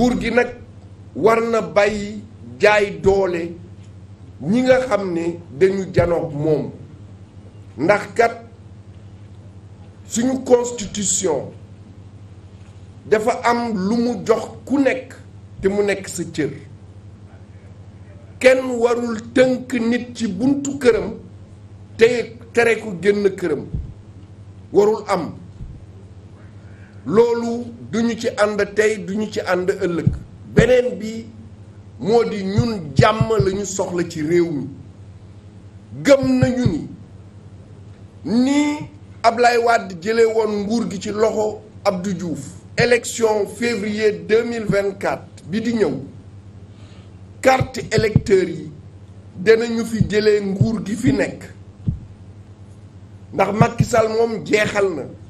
buur gi nag war na bàyyi jaay doole ñi nga xam ni dañu janoog moom ndax kat suñu constitution dafa am lu mu jox ku nekk te mu nekk sa cër kenn warul tënk nit ci buntu këram te tere ko génn këram warul am loolu duñu ci ànd tey duñu ci ànd ëllëg beneen bi moo di ñun jàmm lañu soxla ci réew mi gëm nañu ni nii Ablaye Wade jëlee woon nguur gi ci loxo Abdou Diouf élection février 2024 bi di ñëw carte électeurs yi danañu fi jële nguur gi fi nekk ndax Macky moom jeexal na